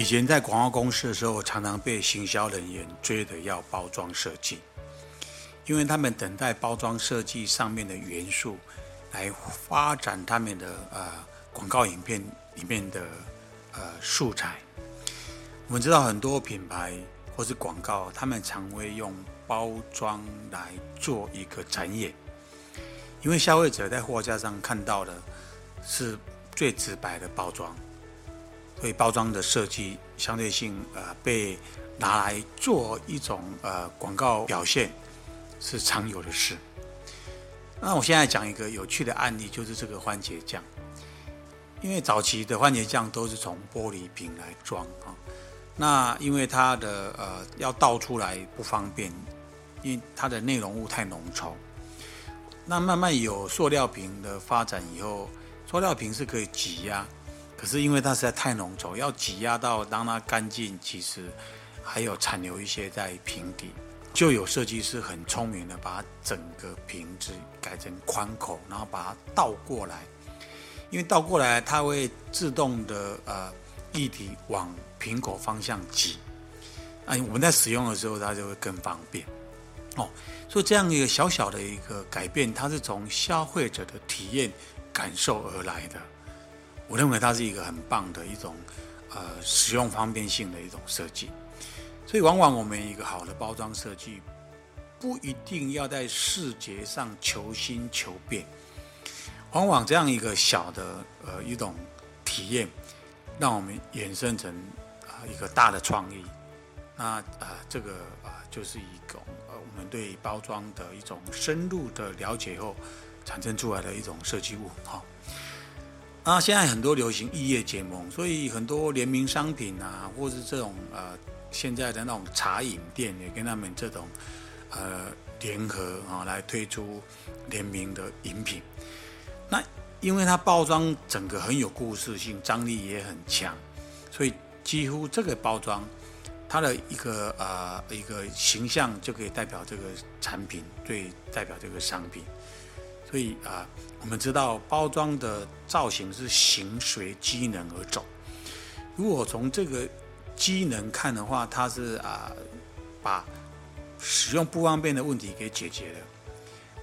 以前在廣告公司的時候，常常被行銷人員追着要包裝設計，因為他們等待包裝設計上面的元素，來發展他們的呃廣告影片裡面的呃素材。我們知道很多品牌或是廣告，他們常會用包裝來做一個展演，因為消費者在貨架上看到的，是最直白的包裝。所以包裝的設計相對性，啊、呃，被拿來做一種呃廣告表現，是常有的事。那我現在講一個有趣的案例，就是這個番茄醬。因為早期的番茄醬都是從玻璃瓶來裝啊，那因為它的呃要倒出來不方便，因為它的內容物太濃稠。那慢慢有塑料瓶的發展以後，塑料瓶是可以擠壓、啊。可是因為它實在太濃稠，要擠壓到讓它乾淨，其實還有殘留一些在瓶底。就有設計師很聰明的把整個瓶子改成寬口，然後把它倒過來，因為倒過來它會自動的呃液體往瓶口方向擠。哎，我們在使用的時候它就會更方便哦。所以這樣一個小小的一個改變，它是從消費者的體驗感受而來的。我認為它是一個很棒的一種，呃，使用方便性的一種設計。所以，往往我們一個好的包裝設計，不一定要在視覺上求新求變。往往這樣一個小的呃一種體驗，讓我們衍生成啊、呃、一個大的創意。那啊、呃、這個啊、呃、就是一個呃我們對包裝的一種深入的了解後產生出來的一種設計物哈。哦那、啊、現在很多流行異業結盟，所以很多聯名商品啊，或是這種呃現在的那種茶飲店也跟他們這種呃聯合啊，來推出聯名的飲品。那因為它包裝整個很有故事性，張力也很強，所以幾乎這個包裝它的一個呃一個形象就可以代表這個產品，對，代表這個商品。所以啊，我們知道包裝的造型是形隨機能而走。如果從這個機能看的話，它是啊把使用不方便的問題給解決了。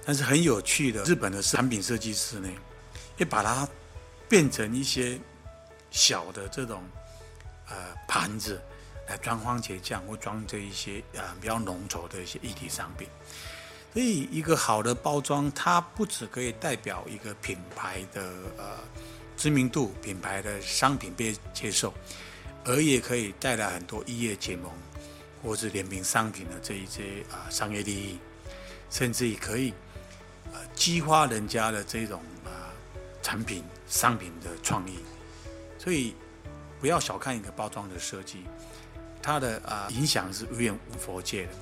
但是很有趣的，日本的產品設計師呢，也把它變成一些小的這種呃盤子來裝番茄醬或裝這一些啊比較濃稠的一些液體商品。所以，一個好的包裝，它不只可以代表一個品牌的呃知名度，品牌的商品被接受，而也可以帶來很多異業結盟或是聯名商品的這一些啊、呃、商業利益，甚至也可以呃激發人家的這種啊、呃、產品商品的創意。所以，不要小看一個包裝的設計，它的啊、呃、影響是無遠弗屆的。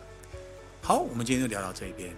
好，我們今天就聊到這一邊。